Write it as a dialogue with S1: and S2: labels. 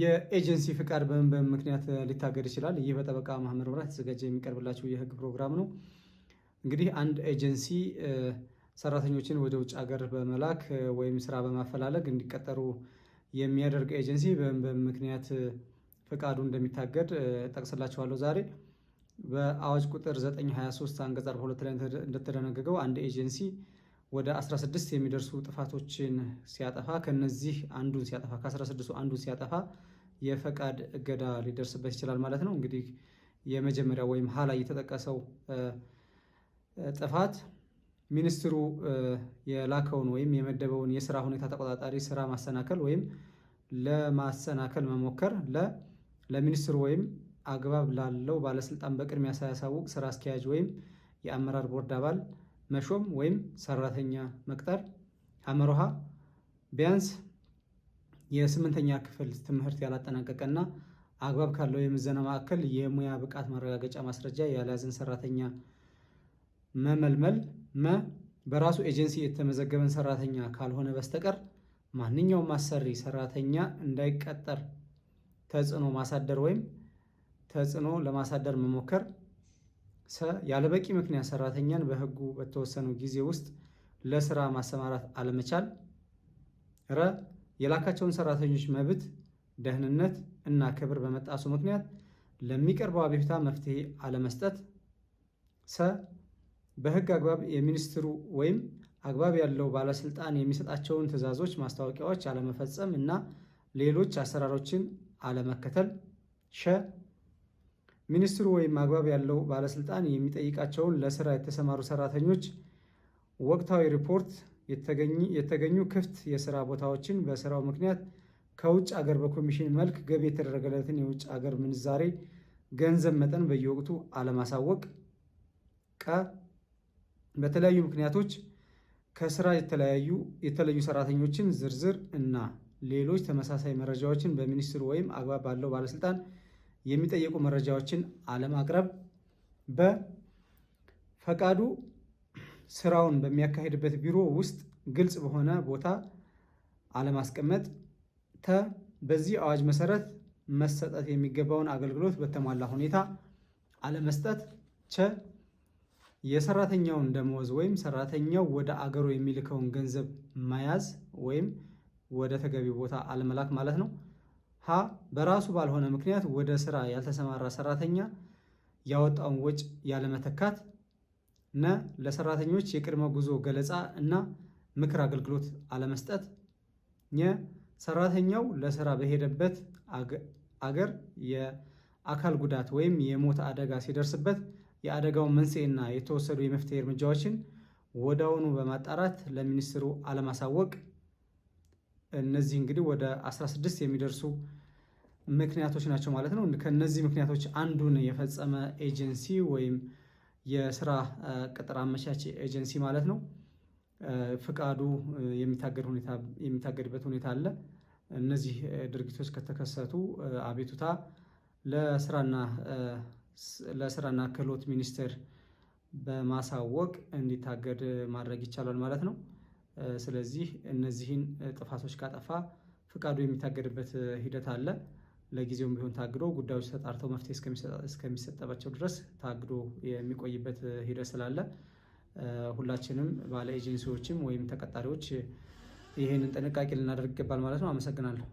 S1: የኤጀንሲ ፍቃድ በምን በምን ምክንያት ሊታገድ ይችላል? ይህ በጠበቃ ማህመር መብራት የተዘጋጀ የሚቀርብላችሁ የህግ ፕሮግራም ነው። እንግዲህ አንድ ኤጀንሲ ሰራተኞችን ወደ ውጭ ሀገር በመላክ ወይም ስራ በማፈላለግ እንዲቀጠሩ የሚያደርግ ኤጀንሲ በምን በምን ምክንያት ፍቃዱ እንደሚታገድ ጠቅስላችኋለሁ ዛሬ በአዋጅ ቁጥር 923 አንቀጽ 42 ላይ እንደተደነገገው አንድ ኤጀንሲ ወደ 16 የሚደርሱ ጥፋቶችን ሲያጠፋ ከነዚህ አንዱን ሲያጠፋ ከ16ቱ አንዱን ሲያጠፋ የፈቃድ እገዳ ሊደርስበት ይችላል ማለት ነው። እንግዲህ የመጀመሪያው ወይም ሀ ላይ የተጠቀሰው ጥፋት ሚኒስትሩ የላከውን ወይም የመደበውን የስራ ሁኔታ ተቆጣጣሪ ስራ ማሰናከል ወይም ለማሰናከል መሞከር፣ ለ ለሚኒስትሩ ወይም አግባብ ላለው ባለስልጣን በቅድሚያ ሳያሳውቅ ስራ አስኪያጅ ወይም የአመራር ቦርድ አባል መሾም ወይም ሰራተኛ መቅጠር አመርሃ ቢያንስ የስምንተኛ ክፍል ትምህርት ያላጠናቀቀና አግባብ ካለው የምዘና ማዕከል የሙያ ብቃት ማረጋገጫ ማስረጃ ያለያዘን ሰራተኛ መመልመል። መ በራሱ ኤጀንሲ የተመዘገበን ሰራተኛ ካልሆነ በስተቀር ማንኛውም አሰሪ ሰራተኛ እንዳይቀጠር ተጽዕኖ ማሳደር ወይም ተጽዕኖ ለማሳደር መሞከር ሰ ያለበቂ ምክንያት ሰራተኛን በህጉ በተወሰኑ ጊዜ ውስጥ ለስራ ማሰማራት አለመቻል። ረ የላካቸውን ሰራተኞች መብት፣ ደህንነት እና ክብር በመጣሱ ምክንያት ለሚቀርበው አቤቱታ መፍትሄ አለመስጠት። ሰ በህግ አግባብ የሚኒስትሩ ወይም አግባብ ያለው ባለስልጣን የሚሰጣቸውን ትዕዛዞች፣ ማስታወቂያዎች አለመፈጸም እና ሌሎች አሰራሮችን አለመከተል። ሸ ሚኒስትሩ ወይም አግባብ ያለው ባለስልጣን የሚጠይቃቸውን ለስራ የተሰማሩ ሰራተኞች ወቅታዊ ሪፖርት፣ የተገኙ ክፍት የስራ ቦታዎችን፣ በስራው ምክንያት ከውጭ አገር በኮሚሽን መልክ ገቢ የተደረገለትን የውጭ አገር ምንዛሬ ገንዘብ መጠን በየወቅቱ አለማሳወቅ፣ ቀ በተለያዩ ምክንያቶች ከስራ የተለያዩ የተለዩ ሰራተኞችን ዝርዝር እና ሌሎች ተመሳሳይ መረጃዎችን በሚኒስትሩ ወይም አግባብ ባለው ባለስልጣን የሚጠየቁ መረጃዎችን አለማቅረብ፣ በፈቃዱ ስራውን በሚያካሄድበት ቢሮ ውስጥ ግልጽ በሆነ ቦታ አለማስቀመጥ፣ ተ በዚህ አዋጅ መሰረት መሰጠት የሚገባውን አገልግሎት በተሟላ ሁኔታ አለመስጠት፣ ቸ የሰራተኛውን ደመወዝ ወይም ሰራተኛው ወደ አገሩ የሚልከውን ገንዘብ መያዝ ወይም ወደ ተገቢ ቦታ አለመላክ ማለት ነው። ሀ በራሱ ባልሆነ ምክንያት ወደ ስራ ያልተሰማራ ሰራተኛ ያወጣውን ወጪ ያለመተካት። ነ ለሰራተኞች የቅድመ ጉዞ ገለጻ እና ምክር አገልግሎት አለመስጠት። ኘ ሰራተኛው ለስራ በሄደበት አገር የአካል ጉዳት ወይም የሞት አደጋ ሲደርስበት የአደጋውን መንስኤና የተወሰዱ የመፍትሄ እርምጃዎችን ወዲያውኑ በማጣራት ለሚኒስትሩ አለማሳወቅ። እነዚህ እንግዲህ ወደ 16 የሚደርሱ ምክንያቶች ናቸው ማለት ነው። ከነዚህ ምክንያቶች አንዱን የፈጸመ ኤጀንሲ ወይም የስራ ቅጥር አመቻች ኤጀንሲ ማለት ነው ፍቃዱ የሚታገድበት ሁኔታ አለ። እነዚህ ድርጊቶች ከተከሰቱ አቤቱታ ለስራና ክህሎት ሚኒስቴር በማሳወቅ እንዲታገድ ማድረግ ይቻላል ማለት ነው። ስለዚህ እነዚህን ጥፋቶች ካጠፋ ፍቃዱ የሚታገድበት ሂደት አለ። ለጊዜውም ቢሆን ታግዶ ጉዳዮች ተጣርተው መፍትሄ እስከሚሰጠባቸው ድረስ ታግዶ የሚቆይበት ሂደት ስላለ ሁላችንም ባለ ኤጀንሲዎችም ወይም ተቀጣሪዎች ይህንን ጥንቃቄ ልናደርግ ይገባል ማለት ነው። አመሰግናለሁ።